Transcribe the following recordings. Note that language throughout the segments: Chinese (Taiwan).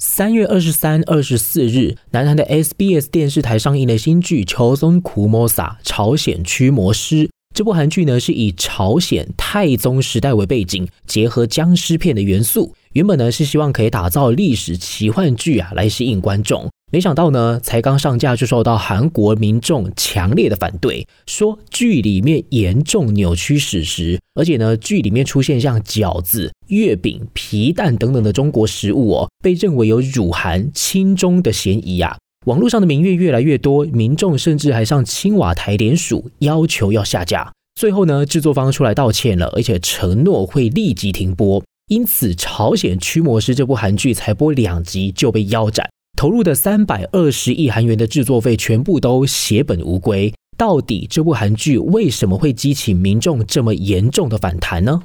三月二十三、二十四日，南韓的 SBS 電視台上映的新劇《喬松苦魔撒：朝鮮驅魔師》。這部韓劇呢，是以朝鮮太宗時代為背景，結合僵屍片的元素。原本呢，是希望可以打造歷史奇幻劇啊，來吸引觀眾。沒想到呢，才剛上架就受到韓國民眾強烈的反對，說劇裡面嚴重扭曲史實，而且呢，劇裡面出現像餃子、月餅、皮蛋等等的中國食物哦，被認為有辱韓親中的嫌疑啊。網絡上的民怨越來越多，民眾甚至還上青瓦台聯署，要求要下架。最後呢，製作方出來道歉了，而且承諾會立即停播。因此，《朝鮮驅魔師》這部韓劇才播兩集就被腰斬。投入的三百二十億韓元的制作費全部都血本無歸，到底這部韓劇為什麼會激起民眾這麼嚴重的反彈呢？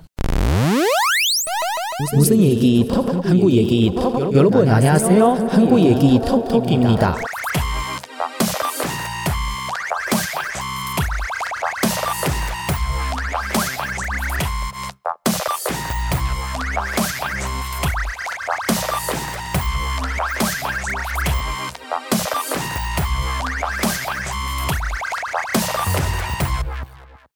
無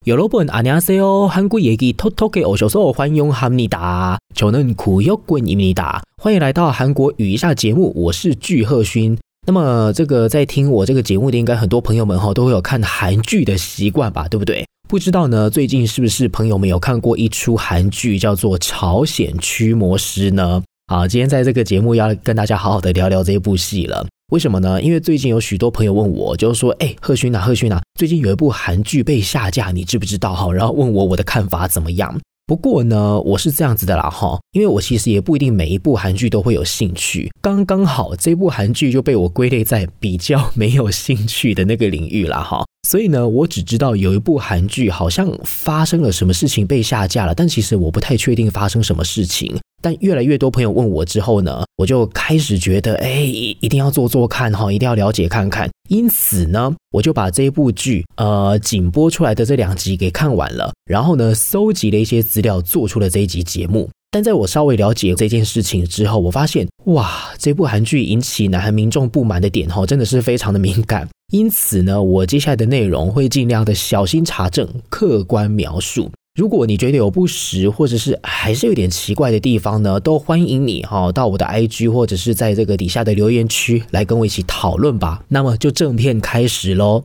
有老闆阿娘說哦，韓國演技，偷偷給歐小嫂歡迎哈米達，求能酷又滾伊米達。歡迎來到韓國語一下節目，我是具赫勳。那麼這個在聽我這個節目的應該很多朋友們哈，都會有看韓劇的習慣吧，對不對？不知道呢，最近是不是朋友們有看過一出韓劇叫做《朝鮮驅魔師》呢？好，今天在這個節目要跟大家好好的聊聊這部戲了。為什麼呢？因為最近有許多朋友問我，就是說，哎，赫勳吶，赫勳吶，最近有一部韓劇被下架，你知不知道？哈，然後問我我的看法怎麼樣。不過呢，我是這樣子的啦，哈，因為我其實也不一定每一部韓劇都會有興趣。剛剛好這部韓劇就被我歸類在比較沒有興趣的那個領域了，哈。所以呢，我只知道有一部韓劇好像發生了什麼事情被下架了，但其實我不太確定發生什麼事情。但越來越多朋友問我之後呢，我就開始覺得，哎，一定要做做看哈，一定要了解看看。因此呢，我就把這一部劇，呃，僅播出來的這兩集給看完了，然後呢，搜集了一些資料，做出了這一集節目。但在我稍微了解這件事情之後，我發現，哇，這部韓劇引起南韓民眾不滿的點，哈，真的是非常的敏感。因此呢，我接下來的內容會盡量的小心查證，客觀描述。如果你覺得有不實，或者是還是有點奇怪的地方呢，都歡迎你哈到我的 IG，或者是在這個底下的留言區來跟我一起討論吧。那麼就正片開始嘍。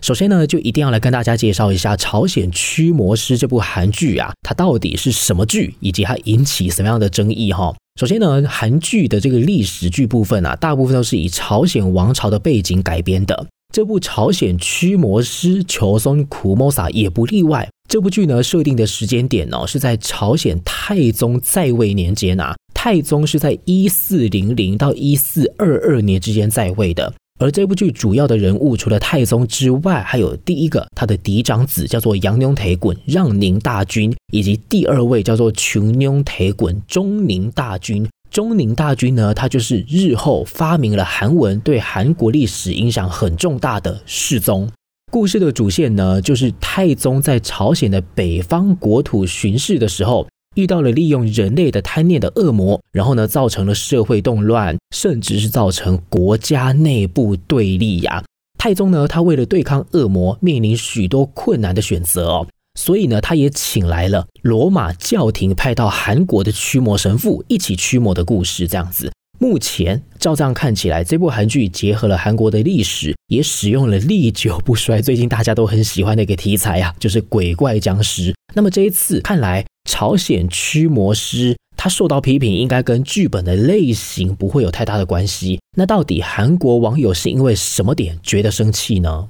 首先呢，就一定要來跟大家介紹一下《朝鮮驅魔師》這部韓劇啊，它到底是什麼劇，以及它引起什麼樣的爭議哈。首先呢，韓劇的這個歷史劇部分啊，大部分都是以朝鮮王朝的背景改編的。這部朝鮮驅魔師求松苦摩撒也不例外。這部劇呢，設定的時間點呢、哦、是在朝鮮太宗在位年間、啊。哪？太宗是在一四零零到一四二二年之間在位的。而這部劇主要的人物，除了太宗之外，還有第一個他的嫡長子叫做楊妞鐵衮讓寧大君，以及第二位叫做群妞鐵衮忠寧大君。中寧大君呢，他就是日後發明了韓文，對韓國歷史影響很重大的世宗。故事的主線呢，就是太宗在朝鮮的北方國土巡視的時候，遇到了利用人類的貪念的惡魔，然後呢，造成了社會動亂，甚至是造成國家內部對立呀、啊。太宗呢，他為了對抗惡魔，面臨許多困難的選擇哦。所以呢，他也請來了羅馬教廷派到韓國的驅魔神父一起驅魔的故事，這樣子。目前照這樣看起來，這部韓劇結合了韓國的歷史，也使用了歷久不衰、最近大家都很喜歡的一個題材啊，就是鬼怪僵屍。那麼這一次看來，朝鮮驅魔師他受到批評，應該跟劇本的類型不會有太大的關係。那到底韓國網友是因為什麼點覺得生氣呢？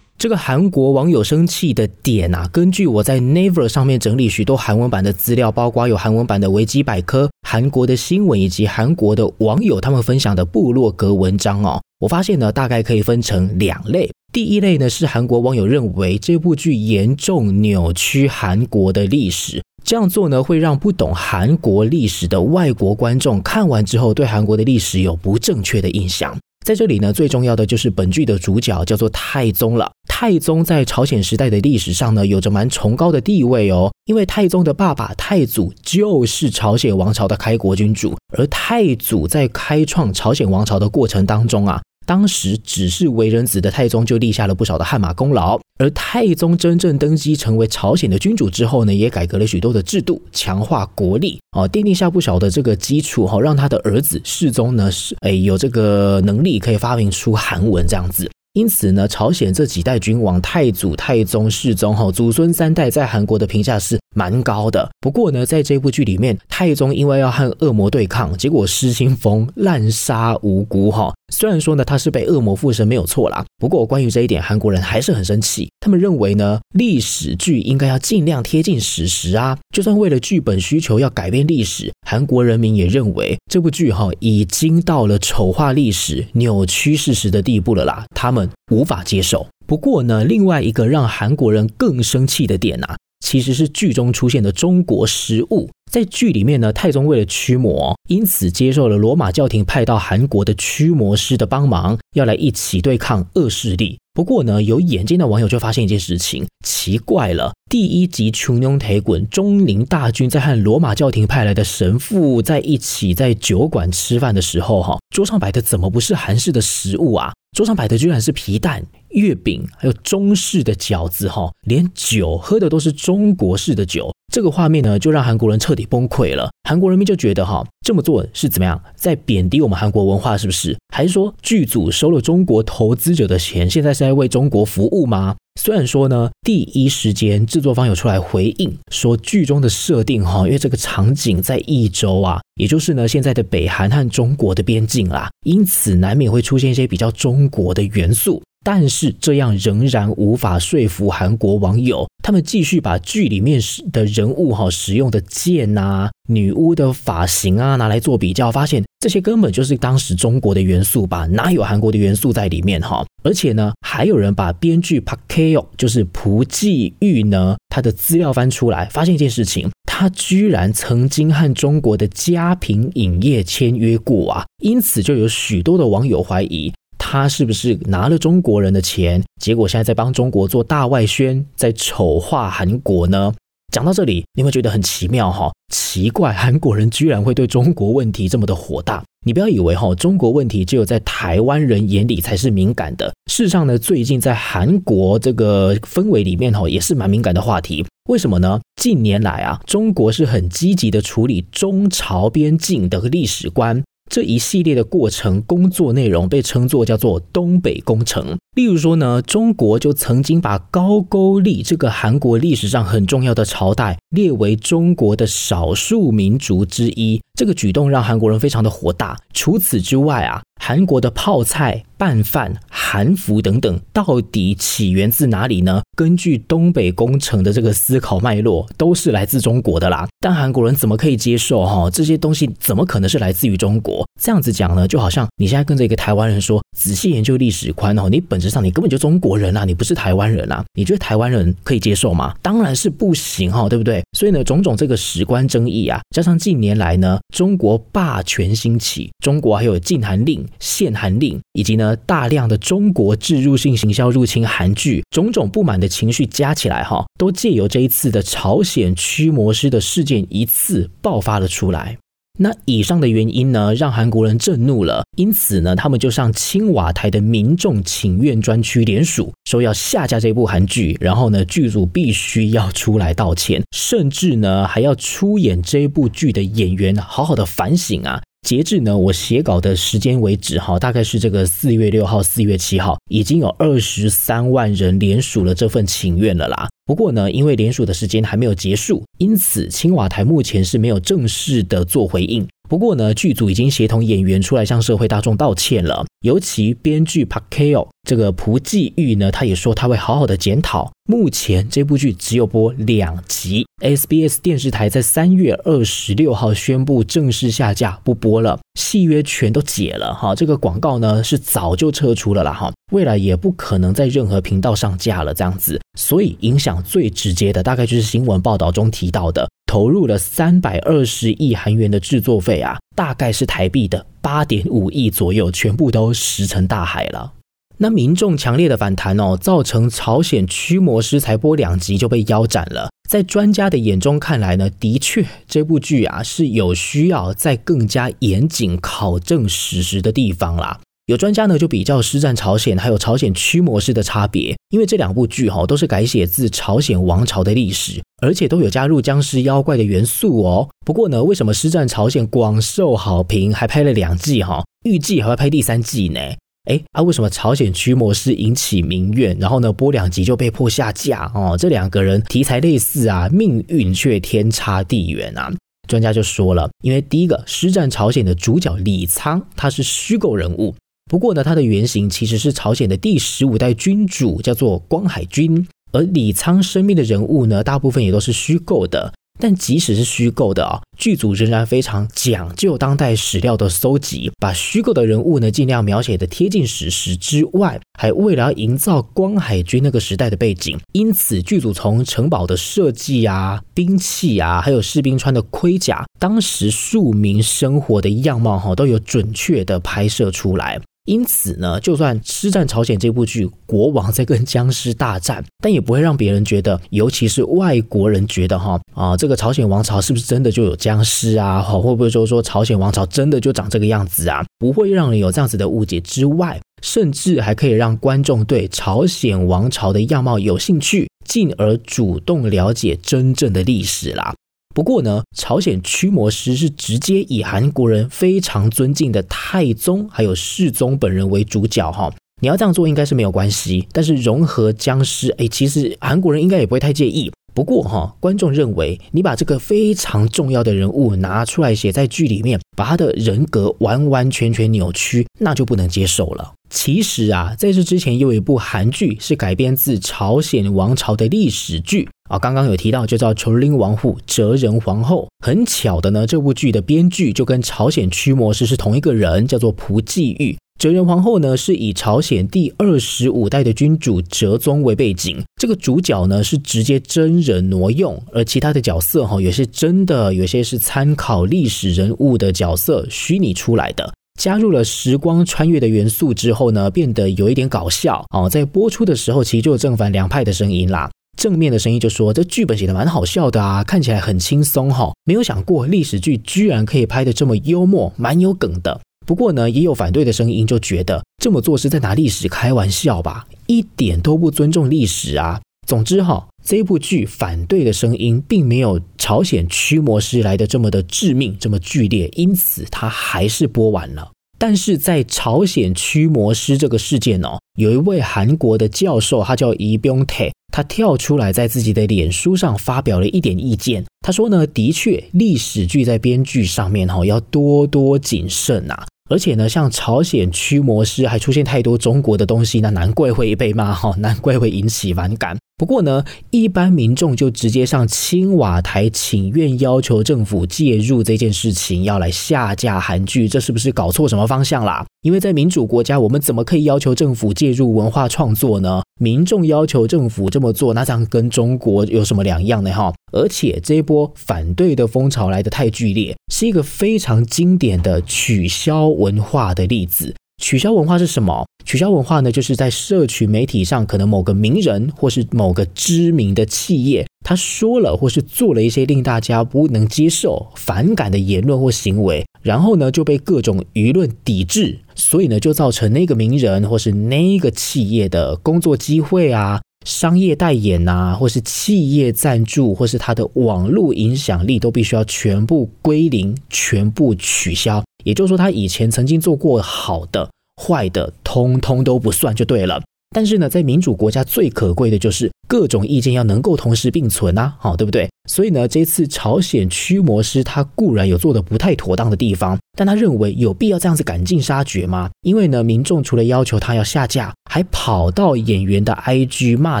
這個韓國網友生氣的點啊，根據我在 Naver 上面整理許多韓文版的資料，包括有韓文版的維基百科、韓國的新聞以及韓國的網友他們分享的部落格文章哦。我發現呢，大概可以分成兩類。第一類呢，是韓國網友認為這部劇嚴重扭曲韓國的歷史，這樣做呢，會讓不懂韓國歷史的外國觀眾看完之後對韓國的歷史有不正確的印象。在這裡呢，最重要的就是本劇的主角叫做太宗了。太宗在朝鮮時代的歷史上呢，有着蠻崇高的地位哦。因為太宗的爸爸太祖就是朝鮮王朝的開國君主，而太祖在開創朝鮮王朝的過程當中啊。當時只是為人子的太宗就立下了不少的汗馬功勞，而太宗真正登基成為朝鮮的君主之後呢，也改革了許多的制度，強化國力，啊、哦，奠定下不少的這個基礎哈、哦，讓他的兒子世宗呢是哎有這個能力可以發明出韓文這樣子。因此呢，朝鮮這幾代君王太祖、太宗、世宗哈，祖孫三代在韓國的評價是。蠻高的，不過呢，在這部劇裡面，太宗因為要和惡魔對抗，結果失心瘋濫殺無辜哈、哦。雖然說呢，他是被惡魔附身沒有錯啦，不過關於這一點，韓國人還是很生氣。他們認為呢，歷史劇應該要儘量貼近史實啊，就算為了劇本需求要改變歷史，韓國人民也認為這部劇哈、哦、已經到了醜化歷史、扭曲事實的地步了啦，他們無法接受。不過呢，另外一個讓韓國人更生氣的點啊。其實是劇中出現的中國食物，在劇裡面呢，太宗為了驅魔，因此接受了羅馬教廷派到韓國的驅魔師的幫忙，要來一起對抗惡勢力。不過呢，有眼尖的網友就發現一件事情，奇怪了，第一集《窮庸鐵滾》忠寧大君在和羅馬教廷派來的神父在一起在酒館吃飯的時候，哈，桌上擺的怎麼不是韓式的食物啊？桌上擺的居然是皮蛋。月餅還有中式的餃子哈、哦，連酒喝的都是中國式的酒，這個畫面呢，就讓韓國人徹底崩潰了。韓國人民就覺得哈、哦、這麼做是怎麼樣，在貶低我們韓國文化是不是？還是說劇組收了中國投資者的錢，現在是在為中國服務嗎？雖然說呢，第一時間製作方有出來回應說，劇中的設定哈，因為這個場景在義州啊，也就是呢現在的北韓和中國的邊境啦、啊，因此難免會出現一些比較中國的元素。但是這樣仍然無法說服韓國網友，他們繼續把劇裡面的人物哈使用的劍吶、啊、女巫的髮型啊拿來做比較，發現這些根本就是當時中國的元素吧，哪有韓國的元素在裡面哈？而且呢，還有人把編劇 Pakeo 就是朴寄玉呢，他的資料翻出來，發現一件事情，他居然曾經和中國的嘉平影業簽約過啊，因此就有許多的網友懷疑。他是不是拿了中國人的錢？結果現在在幫中國做大外宣，在醜化韓國呢？講到這裡，你會覺得很奇妙哈、哦，奇怪，韓國人居然會對中國問題這麼的火大。你不要以為哈、哦，中國問題只有在台灣人眼裡才是敏感的。事實上呢，最近在韓國這個氛圍裡面哈，也是蠻敏感的話題。為什麼呢？近年來啊，中國是很積極的處理中朝邊境的歷史觀。這一系列的過程工作內容被稱作叫做東北工程。例如說呢，中國就曾經把高句麗這個韓國歷史上很重要的朝代列為中國的少數民族之一，這個舉動讓韓國人非常的火大。除此之外啊。韓國的泡菜、拌飯、韓服等等，到底起源自哪裡呢？根據東北工程的這個思考脈絡，都是來自中國的啦。但韓國人怎麼可以接受哈？這些東西怎麼可能是來自於中國？這樣子講呢，就好像你現在跟着一個台灣人說，仔細研究歷史觀哦，你本質上你根本就中國人啦，啊，你不是台灣人啦，啊。你覺得台灣人可以接受嗎？當然是不行哈，對不對？所以呢，種種這個史觀爭議啊，加上近年來呢，中國霸權興起，中國還有禁韓令。限韓令，以及呢，大量的中國置入性行銷，入侵韓劇，種種不滿的情緒加起來，哈，都借由這一次的朝鮮驅魔師的事件一次爆發了出來。那以上的原因呢，讓韓國人震怒了，因此呢，他們就上青瓦台的民眾請願專區聯署，說要下架這部韓劇，然後呢，劇組必須要出來道歉，甚至呢，還要出演這部劇的演員好好的反省啊。截至呢，我寫稿的時間為止，哈，大概是這個四月六號、四月七號，已經有二十三萬人聯署了這份請願了啦。不過呢，因為聯署的時間還沒有結束，因此青瓦台目前是沒有正式的做回應。不過呢，劇組已經協同演員出來向社會大眾道歉了。尤其編劇 Park Gye-ok 這個朴繼玉呢，他也說他會好好的檢討。目前這部劇只有播兩集，SBS 電視台在三月二十六號宣佈正式下架，不播了，戲約全都解了哈。這個廣告呢是早就撤出了啦哈，未來也不可能在任何頻道上架了這樣子。所以影響最直接的，大概就是新聞報道中提到的。投入了三百二十億韓元的製作費啊，大概是台幣的八點五億左右，全部都石沉大海了。那民眾強烈的反彈哦，造成《朝鮮驅魔師》才播兩集就被腰斬了。在專家的眼中看來呢，的確這部劇啊是有需要再更加嚴謹考證史實的地方啦。有專家呢就比較《屍戰朝鮮》還有《朝鮮驅魔師》的差別，因為這兩部劇哈、哦、都是改寫自朝鮮王朝的歷史。而且都有加入僵屍妖怪的元素哦。不過呢，為什麼《屍戰朝鮮》廣受好評，還拍了兩季哈、哦？預計還會拍第三季呢。誒啊，為什麼《朝鮮驅魔師》引起民怨，然後呢，播兩集就被迫下架？哦，這兩個人題材類似啊，命運卻天差地遠啊。專家就說了，因為第一個《屍戰朝鮮》的主角李蒼，他是虛構人物，不過呢，他的原型其實是朝鮮的第十五代君主，叫做光海君。而李滄生命的人物呢，大部分也都是虛構的。但即使是虛構的啊，劇組仍然非常講究當代史料的搜集，把虛構的人物呢盡量描寫的貼近史實，史之外，還為了營造光海君那個時代的背景，因此劇組從城堡的設計啊、兵器啊，還有士兵穿的盔甲，當時庶民生活的樣貌哈，都有準確的拍攝出來。因此呢，就算《屍戰朝鮮》這部劇，國王在跟殭屍大戰，但也不會讓別人覺得，尤其是外國人覺得，哈啊，這個朝鮮王朝是不是真的就有殭屍啊？哈，會不會說說朝鮮王朝真的就長這個樣子啊？不會讓人有這樣子的誤解之外，甚至還可以讓觀眾對朝鮮王朝的樣貌有興趣，進而主動了解真正的歷史啦。不過呢，朝鮮驅魔師是直接以韓國人非常尊敬的太宗還有世宗本人為主角哈，你要這樣做應該是沒有關係。但是融合僵屍，哎，其實韓國人應該也不會太介意。不過哈，觀眾認為你把這個非常重要的人物拿出來寫在劇裡面，把他的人格完完全全扭曲，那就不能接受了。其實啊，在這之前有一部韓劇是改編自朝鮮王朝的歷史劇啊，剛剛有提到，就叫《瓊禎王后哲仁皇後》。很巧的呢，這部劇的編劇就跟朝鮮驅魔師是同一個人，叫做蒲繼玉。哲仁皇後呢是以朝鮮第二十五代的君主哲宗為背景，這個主角呢是直接真人挪用，而其他的角色哈，也是真的，有些是參考歷史人物的角色虛擬出來的。加入了時光穿越的元素之後呢，變得有一點搞笑哦。在播出的時候，其實就有正反兩派的聲音啦。正面的聲音就說，這劇本寫得蠻好笑的啊，看起來很輕鬆哈、哦，沒有想過歷史劇居然可以拍得這麼幽默，蠻有梗的。不過呢，也有反對的聲音，就覺得這麼做是在拿歷史開玩笑吧，一點都不尊重歷史啊。總之哈、哦，這部劇反對的聲音並沒有朝鮮驅魔師來得這麼的致命、這麼劇烈，因此它還是播完了。但是在朝鮮驅魔師這個事件哦，有一位韓國的教授，他叫李炳泰，他跳出來在自己的臉書上發表了一點意見。他說呢，的確，歷史劇在編劇上面哈、哦、要多多謹慎啊，而且呢，像朝鮮驅魔師還出現太多中國的東西，那難怪會被罵哈，難怪會引起反感。不過呢，一般民眾就直接上青瓦台請願，要求政府介入這件事情，要來下架韓劇，這是不是搞錯什麼方向啦？因為在民主國家，我們怎麼可以要求政府介入文化創作呢？民眾要求政府這麼做，那這樣跟中國有什麼兩樣呢？哈，而且這一波反對的風潮來得太劇烈，是一個非常經典的取消文化的例子。取消文化是什麼？取消文化呢，就是在社群媒體上，可能某個名人或是某個知名的企業，他說了或是做了一些令大家不能接受、反感的言論或行為，然後呢，就被各種輿論抵制，所以呢就造成那個名人或是那個企業的工作機會啊。商業代言吶，或是企業贊助，或是他的網絡影響力，都必須要全部歸零，全部取消。也就是說，他以前曾經做過好的、壞的，通通都不算就對了。但是呢，在民主國家最可貴的就是各種意見要能夠同時並存吶，好，對不對？所以呢，這次朝鮮驅魔師他固然有做得不太妥當的地方。但他認為有必要這樣子趕盡殺絕嗎？因為呢，民眾除了要求他要下架，還跑到演員的 IG 罵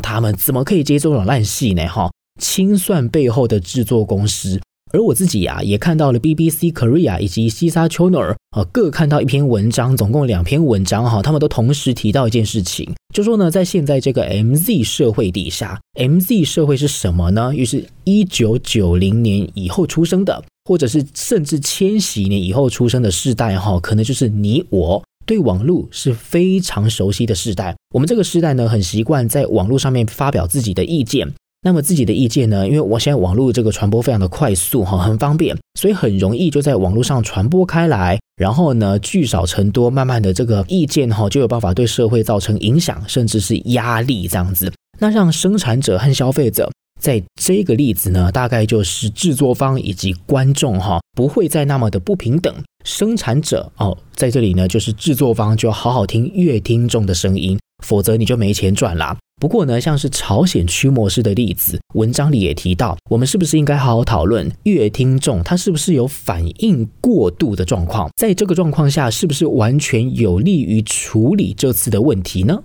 他們，怎麼可以接這種爛戲呢？哈，清算背後的制作公司。而我自己呀、啊，也看到了 BBC Korea 以及西沙丘爾啊，各看到一篇文章，總共兩篇文章哈，他們都同時提到一件事情，就說呢，在現在這個 MZ 社會底下，MZ 社會是什麼呢？於是一九九零年以後出生的。或者是甚至千禧年以後出生的世代哈，可能就是你我對網絡是非常熟悉的世代。我們這個世代呢，很習慣在網絡上面發表自己的意見。那麼自己的意見呢，因為我現在網絡這個傳播非常的快速哈，很方便，所以很容易就在網絡上傳播開來。然後呢，聚少成多，慢慢的這個意見哈，就有辦法對社會造成影響，甚至是壓力這樣子。那讓生產者和消費者。在這個例子呢，大概就是製作方以及觀眾哈、哦，不會再那麼的不平等。生產者哦，在這裡呢，就是製作方就要好好聽閱聽眾的聲音，否則你就沒錢賺啦。不過呢，像是朝鮮驅魔師的例子，文章裡也提到，我們是不是應該好好討論閱聽眾他是不是有反應過度的狀況？在這個狀況下，是不是完全有利於處理這次的問題呢？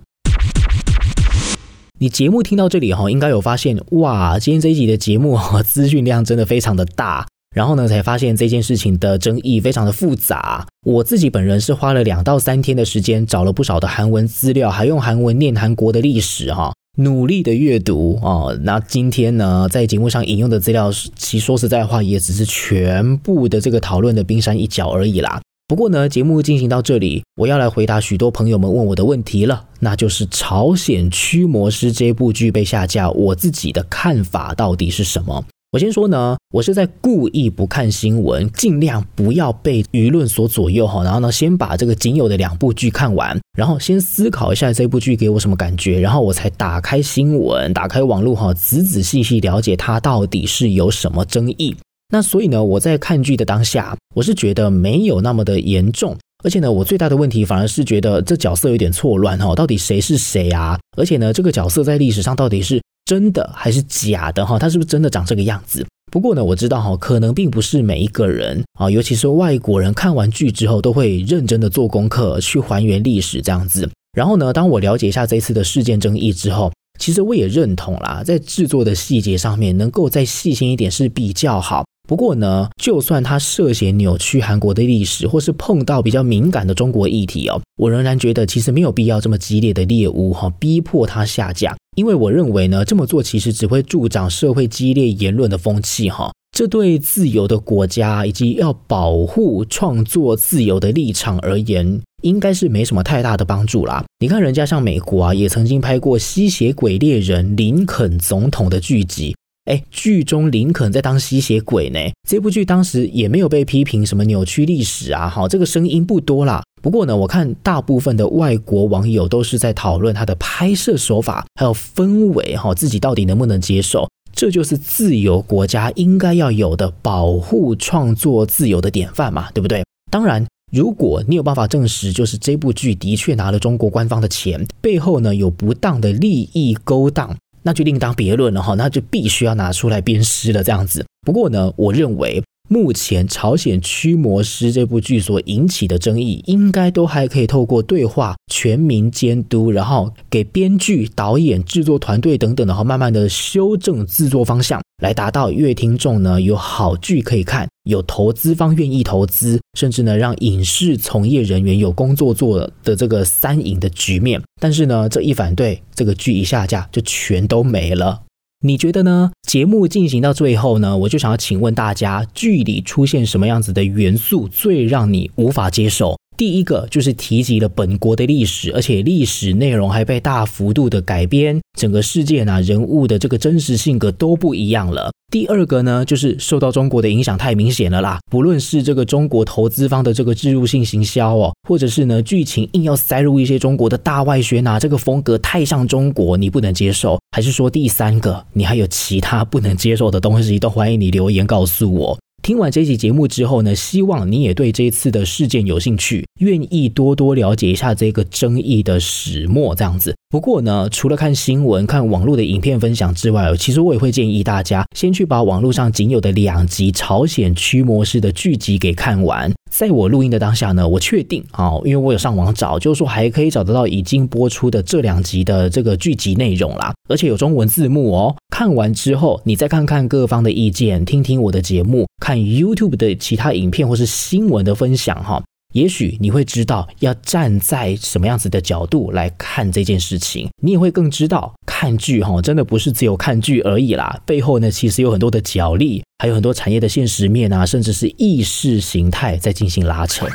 你節目聽到這裡哈，應該有發現哇，今天這一集的節目哈，資訊量真的非常的大，然後呢，才發現這件事情的爭議非常的複雜。我自己本人是花了兩到三天的時間，找了不少的韓文資料，還用韓文念韓國的歷史哈，努力的閱讀啊、哦。那今天呢，在節目上引用的資料，其實說實在話，也只是全部的這個討論的冰山一角而已啦。不過呢，節目進行到這裡，我要來回答許多朋友們問我的問題了，那就是《朝鮮驅魔師》這部劇被下架，我自己的看法到底是什麼？我先說呢，我是在故意不看新聞，盡量不要被輿論所左右哈。然後呢，先把這個僅有的兩部劇看完，然後先思考一下這部劇給我什麼感覺，然後我才打開新聞，打開網絡哈，仔仔細細了解它到底是有什麼爭議。那所以呢，我在看劇的當下，我是覺得沒有那麼的嚴重，而且呢，我最大的問題反而是覺得這角色有點錯亂哈，到底誰是誰啊？而且呢，這個角色在歷史上到底是真的還是假的哈？他是不是真的長這個樣子？不過呢，我知道哈，可能並不是每一個人啊，尤其是外國人，看完劇之後都會認真的做功課去還原歷史這樣子。然後呢，當我了解一下這一次的事件爭議之後，其實我也認同啦，在制作的細節上面能夠再細心一點是比較好。不過呢，就算他涉嫌扭曲韓國的歷史，或是碰到比較敏感的中國議題哦，我仍然覺得其實沒有必要這麼激烈的獵巫哈、哦，逼迫他下架，因為我認為呢，這麼做其實只會助長社會激烈言論的風氣哈、哦，這對自由的國家以及要保護創作自由的立場而言，應該是沒什麼太大的幫助啦。你看人家像美國啊，也曾經拍過吸血鬼獵人林肯總統的劇集。哎，劇中林肯在當吸血鬼呢。這部劇當時也沒有被批評什麼扭曲歷史啊，好，這個聲音不多啦。不過呢，我看大部分的外國網友都是在討論他的拍攝手法，還有氛圍，好，自己到底能不能接受？這就是自由國家應該要有的保護創作自由的典範嘛，對不對？當然，如果你有辦法證實，就是這部劇的確拿了中國官方的錢，背後呢，有不當的利益勾當。那就另當別論了哈，那就必須要拿出來鞭屍了這樣子。不過呢，我認為目前《朝鮮驅魔師》這部劇所引起的爭議，應該都還可以透過對話、全民監督，然後給編劇、導演、製作團隊等等的，然後慢慢的修正製作方向，來達到閱聽眾呢，有好劇可以看。有投資方願意投資，甚至呢讓影視從業人員有工作做的這個三贏的局面。但是呢，這一反對，這個劇一下架就全都沒了。你覺得呢？節目進行到最後呢，我就想要請問大家，劇裡出現什麼樣子的元素最讓你無法接受？第一個就是提及了本國的歷史，而且歷史內容還被大幅度的改編，整個世界吶、人物的這個真實性格都不一樣了。第二個呢，就是受到中國的影響太明顯了啦，不論是這個中國投資方的這個置入性行銷哦，或者是呢劇情硬要塞入一些中國的大外宣啊，這個風格太像中國，你不能接受。還是說第三個，你還有其他不能接受的東西，都歡迎你留言告訴我。聽完這期節目之後呢，希望你也對這一次的事件有興趣，願意多多了解一下這個爭議的始末這樣子。不過呢，除了看新聞、看網絡的影片分享之外，其實我也會建議大家先去把網絡上僅有的兩集朝鮮驅魔師的劇集給看完。在我錄音的當下呢，我確定啊、哦，因為我有上網找，就是說還可以找得到已經播出的這兩集的這個劇集內容啦，而且有中文字幕哦。看完之後，你再看看各方的意見，聽聽我的節目，看 YouTube 的其他影片或是新聞的分享，哈，也許你會知道要站在什麼樣子的角度來看這件事情，你也會更知道看劇，哈，真的不是只有看劇而已啦，背後呢，其實有很多的角力，還有很多產業的現實面啊，甚至是意識形態在進行拉扯。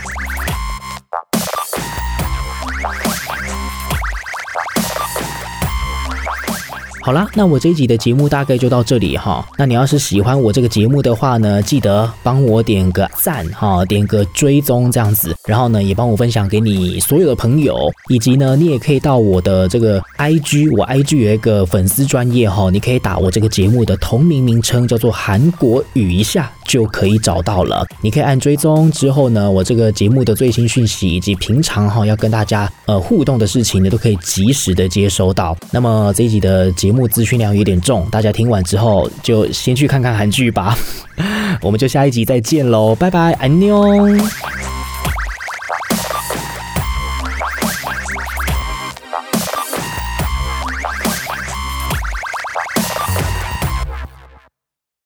好啦，那我這一集的節目大概就到這裡哈。那你要是喜歡我這個節目的話呢，記得幫我點個讚哈，點個追蹤這樣子。然後呢，也幫我分享給你所有的朋友，以及呢，你也可以到我的這個 IG，我 IG 有一個粉絲專頁哈，你可以打我這個節目的同名名稱，叫做韓國語一下就可以找到了。你可以按追蹤之後呢，我這個節目的最新訊息以及平常哈要跟大家呃互動的事情呢，都可以及時的接收到。那麼這一集的節目。目資訊量有點重，大家聽完之後就先去看看韓劇吧。 我們就下一集再見嘍，拜拜，愛你哦。